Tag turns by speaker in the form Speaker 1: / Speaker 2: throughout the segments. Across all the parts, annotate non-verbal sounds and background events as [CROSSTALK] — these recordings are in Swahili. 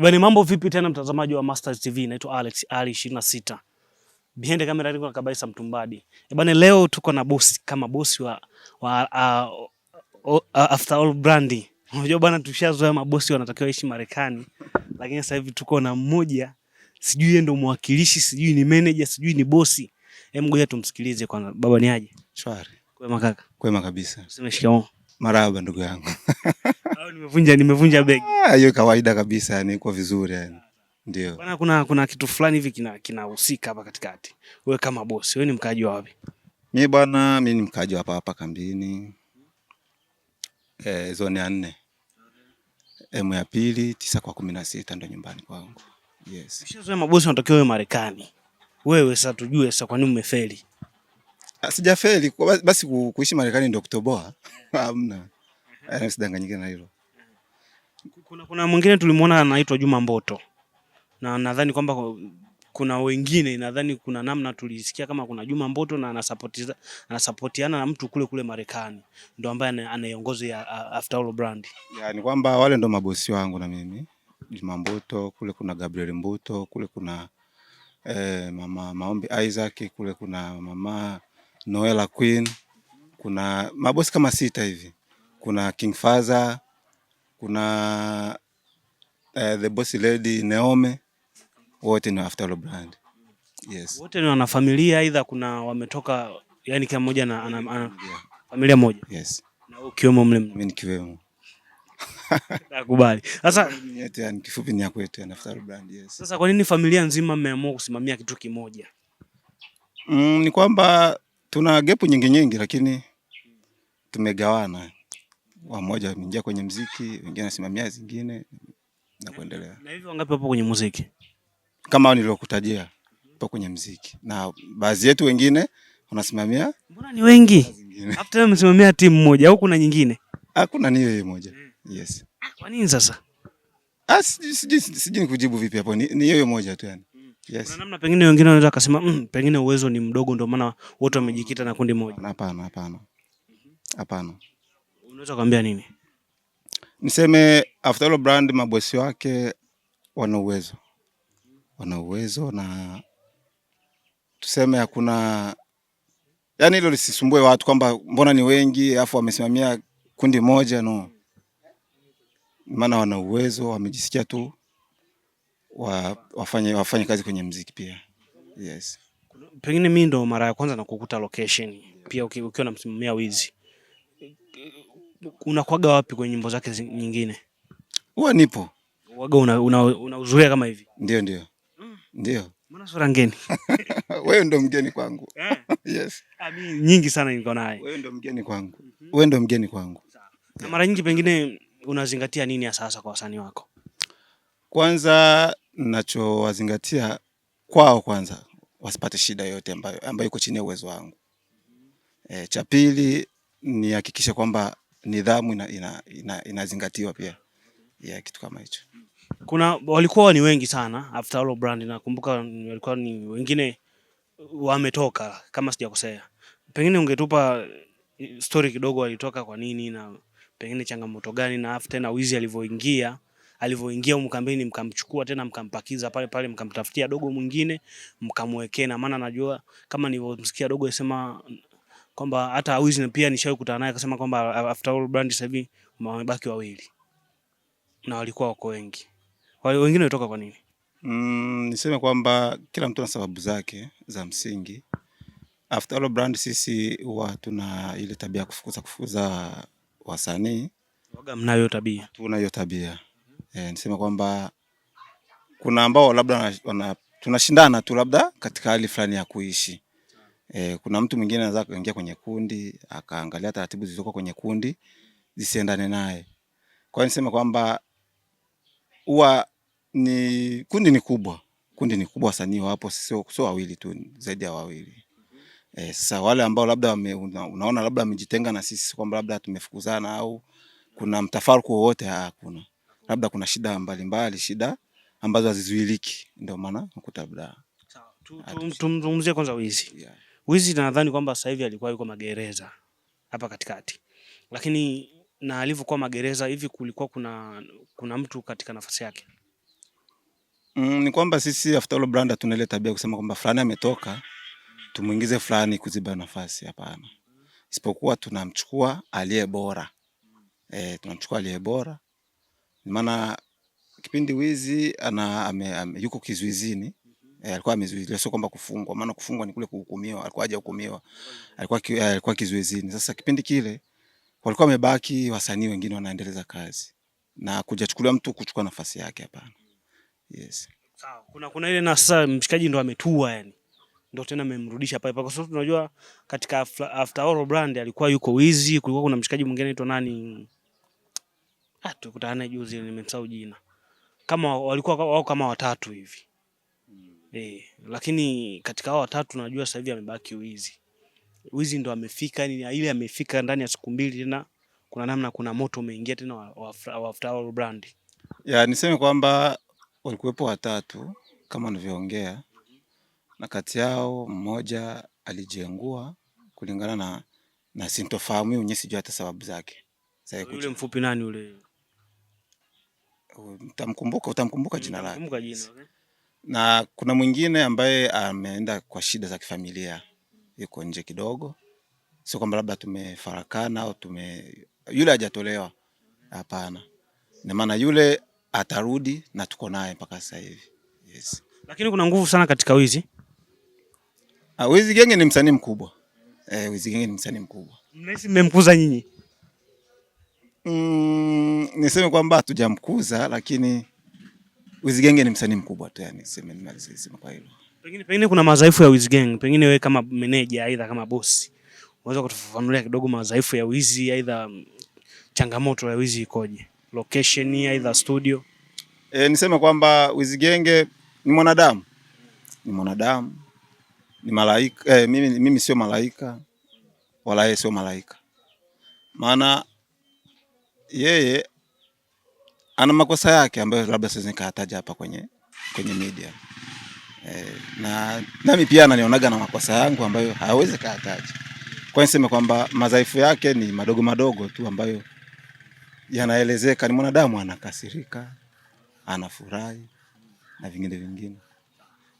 Speaker 1: Ibani, mambo vipi tena mtazamaji wa Mastaz TV, naitwa Alex Ali 26. Biende kamera niko kabisa Kabaisa Mtumbadi. Ibani, eh, leo tuko na bosi kama bosi wa, wa uh, uh, uh, after all Brandy. Unajua bwana, tushazoea mabosi wanatakiwa ishi Marekani, lakini sasa hivi tuko na mmoja sijui yeye ndo mwakilishi, sijui ni manager, sijui ni bosi. Hem, ngoja tumsikilize kwanza. Baba ni aje? Shwari. Kwema kaka.
Speaker 2: Kwema kabisa. Useme shikamoo maraba ndugu yangu. [LAUGHS]
Speaker 1: Au nimevunja nimevunja beg.
Speaker 2: Ah, hiyo kawaida kabisa yani kwa vizuri yani.
Speaker 1: Ndio. Bwana kuna kuna kitu fulani hivi kina kinahusika hapa katikati. Wewe kama bosi, wewe ni mkaji wa wapi?
Speaker 2: Mimi bwana, mimi ni mkaaji hapa hapa kambini. Eh, zone ya nne. Emu ya pili tisa kwa kumi na sita ndo nyumbani kwangu. Yes.
Speaker 1: mabosi wanatokea wewe Marekani. Wewe sasa tujue sasa kwa nini umefeli?
Speaker 2: Sijafeli basi kuishi Marekani ndio kutoboa. [LAUGHS] Hamna. Eh, sidanganyike na hilo.
Speaker 1: Kuna, kuna mwingine tulimuona anaitwa Juma Mboto na nadhani kwamba kuna wengine nadhani kuna namna tulisikia kama kuna Juma Mboto na anasupportiza anasapotiana na mtu kule kule Marekani ndio ambaye anaiongoza ya After All brand.
Speaker 2: Yaani kwamba wale ndio mabosi wangu na mimi. Juma Mboto kule kuna Gabriel Mboto kule kuna eh, mama Maombi Isaac kule kuna mama Noela Queen, kuna mabosi kama sita hivi, kuna King Faza, kuna uh, the boss lady Neome, wote ni After All brand. Yes.
Speaker 1: Wote ni wana familia aidha kuna wametoka yani kama moja na ana, ana, yeah. Familia moja. Yes. Na ukiwemo mle mimi nikiwemo. [LAUGHS] Nakubali.
Speaker 2: Sasa yani kifupi ni yakwetu na After All brand, yes.
Speaker 1: Sasa kwa nini familia nzima mmeamua kusimamia kitu kimoja?
Speaker 2: Mm, ni kwamba tuna gepu nyingi nyingi, lakini tumegawana, wamoja wameingia kwenye mziki, wengine nasimamia zingine na kuendelea.
Speaker 1: Na hivyo wangapi hapo kwenye muziki
Speaker 2: kama niliokutajia hapo kwenye mziki, na baadhi yetu wengine unasimamia.
Speaker 1: Mbona ni wengi? Hata [LAUGHS] wewe umesimamia timu moja au kuna nyingine?
Speaker 2: Hakuna, ni yeye hiyo moja. Mm. Yes.
Speaker 1: Ah, kwa nini sasa?
Speaker 2: Ah, sijui sijui kujibu vipi hapo. Ni yeye moja tu yani. Yes. Kuna
Speaker 1: namna pengine wengine wanaweza wakasema mm, pengine uwezo ni mdogo ndio maana wote wamejikita na kundi moja.
Speaker 2: Hapana, hapana. Hapana.
Speaker 1: Unaweza kuambia nini?
Speaker 2: Niseme After All Brand mabosi wake wana uwezo, wana uwezo na tuseme hakuna, yaani hilo lisisumbue watu kwamba mbona ni wengi afu wamesimamia kundi moja. No, maana wana uwezo, wamejisikia tu wa, wafanye, wafanye kazi kwenye mziki pia yes.
Speaker 1: Pengine mimi ndo mara ya kwanza nakukuta location pia ukiwa na msimamia Wizi, unakwaga wapi kwenye nyimbo zake nyingine? Huwa nipo waga, unauzuia una, una kama hivi?
Speaker 2: Ndio, ndio, mm. ndio
Speaker 1: Mbona sura ngeni?
Speaker 2: [LAUGHS] Wewe ndo mgeni kwangu. Eh. Yes.
Speaker 1: Ami ah, nyingi sana niko naye.
Speaker 2: Wewe ndo mgeni kwangu. mm Wewe ndo mgeni kwangu.
Speaker 1: Na mara nyingi pengine unazingatia nini ya sasa kwa wasanii wako?
Speaker 2: Kwanza nachowazingatia kwao, kwanza wasipate shida yoyote ambayo, ambayo iko chini ya uwezo wangu. E, cha pili nihakikishe kwamba nidhamu inazingatiwa ina, ina, ina pia yeah, kitu kama hicho.
Speaker 1: Kuna walikuwa ni wengi sana After All Brand, nakumbuka walikuwa ni wengine wametoka kama sijakosea, pengine ungetupa story kidogo, walitoka kwa nini na pengine changamoto gani, na afu na wizi alivyoingia alivyoingia huko kambini, mkamchukua tena mkampakiza pale pale, mkamtafutia dogo mwingine mkamwekea, na maana najua kama nilivyomsikia dogo alisema kwamba hata Wizne pia nishawahi kukutana naye akasema kwamba after all brand sasa hivi wamebaki wawili na walikuwa wako wengi. Wale wengine walitoka kwa nini?
Speaker 2: Mm, niseme kwamba kila mtu ana sababu zake za msingi. After all brand sisi huwa tuna ile tabia kufukuza kufukuza wasanii.
Speaker 1: Waga mnayo tabia?
Speaker 2: Tuna hiyo tabia. E, niseme kwamba kuna ambao labda wana, tunashindana tu labda katika hali fulani ya kuishi. E, kuna mtu mwingine anaweza kuingia kwenye kundi akaangalia taratibu zilizoko kwenye kundi zisiendane naye. Kwa hiyo niseme kwamba huwa ni kundi ni kubwa, kundi ni kubwa, wasanii wapo, sio wawili tu, zaidi ya wawili. E, sasa wale ambao labda wame, una, unaona labda wamejitenga na sisi kwamba labda tumefukuzana au kuna mtafaruku wowote, hakuna labda kuna shida mbalimbali mbali, shida ambazo hazizuiliki, ndio maana nakuta labda
Speaker 1: tumzungumzie kwanza wizi yeah. Wizi nadhani kwamba sasa hivi alikuwa yuko magereza hapa katikati, lakini na alivyokuwa magereza hivi kulikuwa kuna, kuna mtu katika nafasi yake
Speaker 2: mm, ni kwamba sisi after all branda tuna ile tabia kusema kwamba fulani ametoka tumuingize fulani kuziba nafasi. Hapana, isipokuwa tunamchukua aliye bora e, tunamchukua aliye bora maana kipindi wizi ana ame, ame, yuko kizuizini E, alikuwa amezuiliwa, sio kwamba kufungwa, maana kufungwa ni kule kuhukumiwa. Alikuwa hajahukumiwa, alikuwa ki, alikuwa kizuizini. Sasa kipindi kile walikuwa wamebaki wasanii wengine wanaendeleza kazi na kujachukuliwa mtu kuchukua nafasi yake, hapana. Yes,
Speaker 1: sawa. Kuna kuna ile na sasa mshikaji ndo ametua, yani ndo tena amemrudisha pale pale, kwa sababu tunajua katika After All Brand alikuwa yuko Wizi, kulikuwa kuna mshikaji mwingine anaitwa nani Ah, tukutana naye juzi nimesahau jina. Kama walikuwa wao kama watatu hivi. Mm. Eh, lakini katika hao watatu najua sasa hivi amebaki Wizi. Wizi ndo amefika yani ile amefika ndani ya siku mbili tena kuna namna kuna moto umeingia tena wa, wa wa, brand.
Speaker 2: Ya niseme kwamba walikuwepo watatu kama wanavyoongea na kati yao mmoja alijengua kulingana na na sintofahamu yenyewe, sijui hata sababu zake.
Speaker 1: Yule mfupi nani yule?
Speaker 2: Utamkumbuka, utamkumbuka jina lake. Na kuna mwingine ambaye ameenda kwa shida za kifamilia, yuko nje kidogo, sio kwamba labda tumefarakana au tume, yule hajatolewa, hapana. na maana yule atarudi na tuko naye mpaka sasa hivi yes.
Speaker 1: Lakini kuna nguvu sana katika wizi.
Speaker 2: Ah, wizi Genge ni msanii mkubwa eh, Wizi Genge ni msanii mkubwa.
Speaker 1: mmemkuza nyinyi?
Speaker 2: mm, niseme kwamba hatujamkuza lakini Wizigenge ni msanii mkubwa tu, yani niseme nimalize kwa hilo.
Speaker 1: Pengine pengine kuna madhaifu ya Wizigenge, pengine wewe kama meneja aidha kama bosi unaweza kutufafanulia kidogo madhaifu ya Wizi, aidha mm, changamoto ya Wizi ikoje, location aidha studio?
Speaker 2: E, niseme kwamba Wizigenge ni mwanadamu, ni mwanadamu, ni malaika. E, mimi, mimi sio malaika wala yeye sio malaika, maana yeye ana makosa yake ambayo labda siwezi nikataja hapa kwenye kwenye media e, na nami pia ananionaga na makosa yangu ambayo hawezi kataja. Kwa niseme kwamba madhaifu yake ni madogo madogo tu ambayo yanaelezeka. Ni mwanadamu, anakasirika, anafurahi na vingine vingine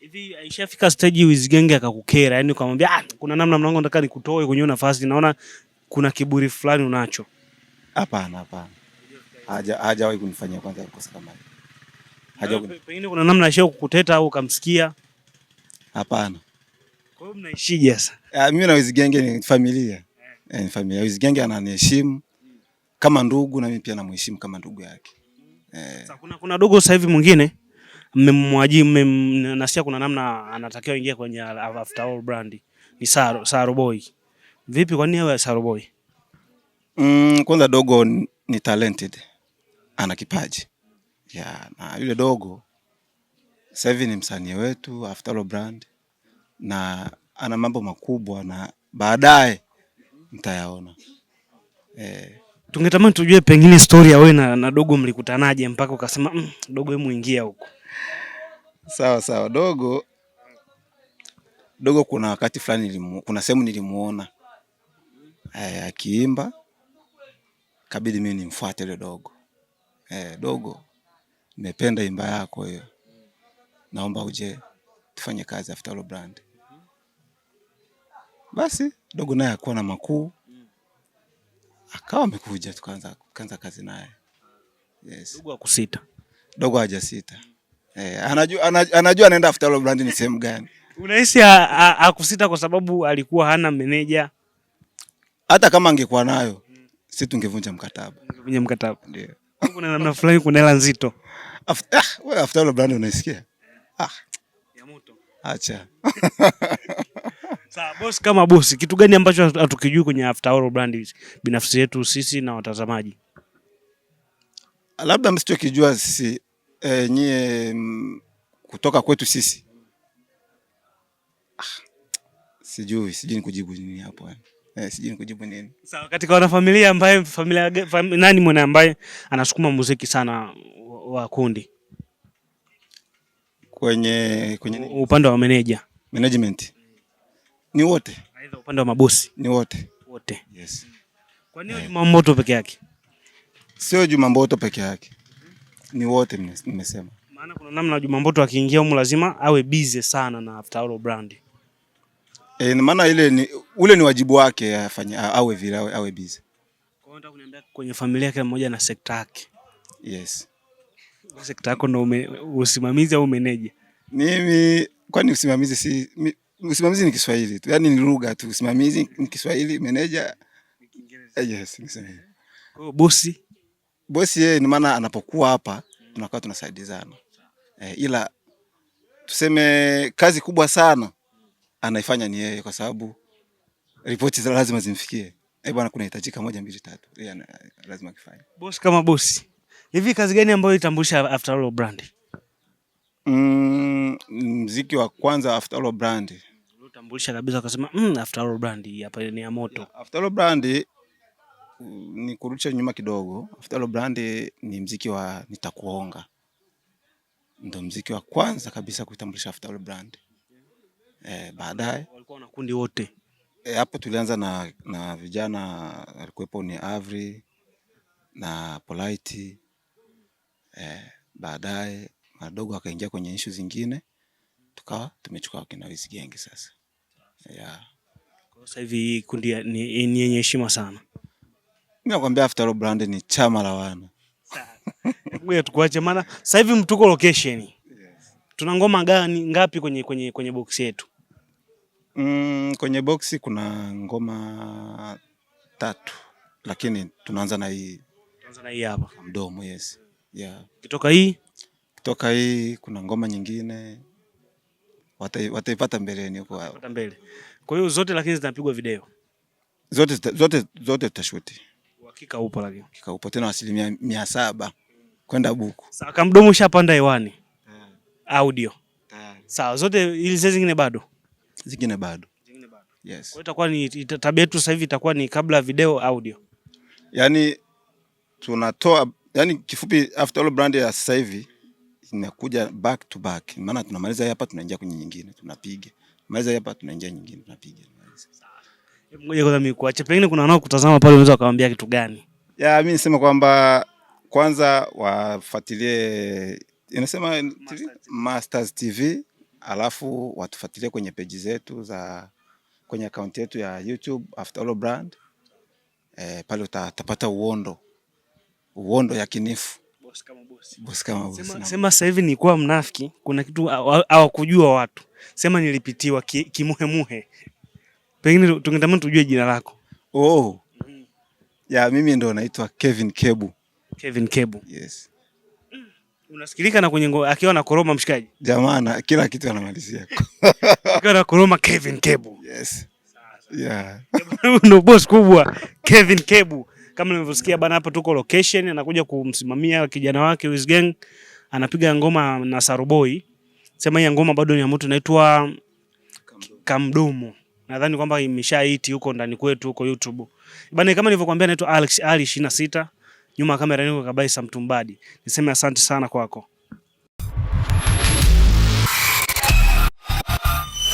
Speaker 1: hivi. Ishafika stage Wiz Genge akakukera, yani ukamwambia ah, kuna namna mnango nataka nikutoe kwenye nafasi, naona kuna kiburi fulani unacho
Speaker 2: Hapana, hapana, hajawahi kunifanyia kwanza kosa kama hilo.
Speaker 1: Hajawahi. Pengine kuna namna ashao kukuteta au ukamsikia? Hapana. Kwa hiyo mnaishije sasa?
Speaker 2: Ah, mimi na Wizigenge ni familia. Eh, eh ni familia. Wizigenge ananiheshimu kama ndugu na mimi pia namheshimu kama ndugu yake.
Speaker 1: Eh. Sasa kuna kuna dogo sasa hivi mwingine mmemwaji mmem, nasikia kuna namna anatakiwa ingia kwenye After All brand. Ni Saro Saro Boy. Vipi kwa nini wewe Saro Boy?
Speaker 2: Mm, kwanza dogo ni talented, ana kipaji Ya, na yule dogo sasa hivi ni msanii wetu after all brand, na ana mambo makubwa na baadaye mtayaona eh.
Speaker 1: Tungetamani tujue pengine story ya wewe na, na dogo mlikutanaje mpaka ukasema mm, dogo hebu ingia huko.
Speaker 2: Sawa sawa, dogo dogo, kuna wakati fulani nilimu, kuna sehemu nilimuona eh, akiimba kabidi mimi nimfuate ile dogo eh, dogo, nimependa imba yako hiyo, naomba uje tufanye kazi After Brand. Basi dogo naye akuwa na makuu, akawa amekuja, tukaanza tukaanza kazi naye yes. Dogo akusita, dogo hajasita eh, anajua anajua anaenda After Brand ni sehemu gani.
Speaker 1: Unahisi akusita kwa sababu alikuwa hana meneja?
Speaker 2: Hata kama angekuwa nayo si tungevunja mkataba.
Speaker 1: Tungevunja mkataba. Ndio. Kuna namna fulani kuna hela nzito.
Speaker 2: After ah, wewe after all brand unaisikia? Ah. Ya moto. Acha. [LAUGHS]
Speaker 1: Sasa boss, kama boss, kitu gani ambacho hatukijui kwenye after all brand binafsi yetu sisi na watazamaji?
Speaker 2: Labda msichokijua sisi e, eh, nyie mm, kutoka kwetu sisi. Ah. Sijui, sijui nikujibu nini hapo yani. Eh. Eh, sijui nikujibu nini.
Speaker 1: Sawa, katika wanafamilia ambaye familia fam, nani mwana ambaye anasukuma muziki sana wa kundi?
Speaker 2: Kwenye kwenye
Speaker 1: Upande wa meneja.
Speaker 2: Management. Ni wote. Aidha
Speaker 1: upande wa mabosi. Ni wote. Wote. Yes. Kwa nini Juma Mboto peke yake?
Speaker 2: Sio Juma Mboto peke yake. Ni wote nimesema.
Speaker 1: Maana kuna namna Juma Mboto akiingia humu lazima awe busy sana na After All brand.
Speaker 2: E, maana ile ni ule ni wajibu wake afanye awe vile awe, awe busy.
Speaker 1: Kwa hiyo nataka kuniambia kwenye familia kila mmoja na sekta yake. Yes. Sekta yako ndio usimamizi au meneja?
Speaker 2: Mimi kwani usimamizi si mi, usimamizi ni Kiswahili tu. Yaani ni lugha tu. Usimamizi ni Kiswahili, meneja ni Kiingereza. Eh, yes, ni Kiswahili.
Speaker 1: Kwa hiyo bosi
Speaker 2: bosi yeye ni maana anapokuwa hapa tunakuwa tunasaidizana. Eh, ila tuseme kazi kubwa sana anaifanya ni yeye, kwa sababu ripoti za lazima zimfikie. Eh bwana, kunahitajika moja mbili tatu, yeye lazima akifanye.
Speaker 1: Boss kama boss, hivi kazi gani ambayo itambulisha After All brand?
Speaker 2: Mm, mziki wa kwanza After All brand
Speaker 1: utambulisha kabisa, akasema mmm, After All brand hapa ni ya moto. Yeah,
Speaker 2: After All brand ni kurudisha nyuma kidogo. After All brand ni mziki wa nitakuonga, ndo mziki wa kwanza kabisa kuitambulisha After All brand. E, baadaye
Speaker 1: walikuwa na kundi wote
Speaker 2: eh, hapo. E, tulianza na, na vijana alikuwepo ni Avri na Polite e, baadaye madogo akaingia kwenye issue zingine tukawa tumechukua kina Wiz Genge sasa. Yeah.
Speaker 1: Sasa hivi kundi ni yenye heshima sana. Mimi
Speaker 2: nakwambia After All Brand ni chama la wana.
Speaker 1: [LAUGHS] Ngoja tukuache maana sasa hivi mtuko location. Yes. Tuna ngoma gani ngapi kwenye kwenye kwenye box yetu?
Speaker 2: Mm, kwenye boksi kuna ngoma tatu, lakini tunaanza na hii
Speaker 1: tunaanza na hii hapa
Speaker 2: mdomo. Yes, yeah. Kitoka hii kitoka hii kuna ngoma nyingine wataipata mbeleni huko wao
Speaker 1: mbele. Kwa hiyo zote lakini zinapigwa video
Speaker 2: zote zote zote tutashuti.
Speaker 1: Uhakika upo lakini
Speaker 2: uhakika upo tena asilimia mia saba kwenda buku.
Speaker 1: Sasa kama mdomo ushapanda hewani, Yeah. audio Yeah. sawa, zote ile zingine bado
Speaker 2: zingine bado. Yes. Kwa
Speaker 1: itakuwa ni tabia yetu sasa hivi itakuwa ni kabla video audio.
Speaker 2: Yaani tunatoa yani kifupi after all brand ya sasa hivi inakuja back to back. Maana tunamaliza hapa tunaingia kwenye nyingine tunapiga. Maliza hapa tunaingia nyingine tunapiga.
Speaker 1: Ngoja kwanza mimi kuache. Pengine kuna wanao kutazama pale unaweza kawaambia kitu gani?
Speaker 2: Ya mimi nisema kwamba kwanza wafuatilie inasema Masters TV, Masters TV alafu watufuatilie kwenye peji zetu za kwenye akaunti yetu ya YouTube After All Brand. E, pale utapata uondo uondo yakinifu
Speaker 1: boss kama boss.
Speaker 2: Boss kama boss.
Speaker 1: Sema, sasa hivi ni kuwa mnafiki, kuna kitu hawakujua watu, sema nilipitiwa kimuhemuhe ki pengine tungetamani tujue jina lako.
Speaker 2: Oh. Mm -hmm. Ya mimi ndo naitwa Kevin Kebu.
Speaker 1: Kevin Kebu. Yes unasikilika na kwenye akiwa na koroma mshikaji.
Speaker 2: Jamana, kila kitu anamalizia
Speaker 1: [LAUGHS] akiwa na koroma Kevin Kebu.
Speaker 2: Yes. Yeah.
Speaker 1: [LAUGHS] Ndio boss kubwa Kevin Kebu. Kama nilivyosikia bana, hapa tuko location, anakuja kumsimamia kijana wake Wiz Gang, anapiga ngoma na Saruboi. Sema hii ngoma bado ni ya mtu inaitwa Kamdomo. Nadhani kwamba imeshaiti huko ndani kwetu huko YouTube. Bana, kama nilivyokuambia, anaitwa Alex Ali 26. Nyuma ya kamera niko Kabaisa Mtumbadi. Niseme asante sana kwako.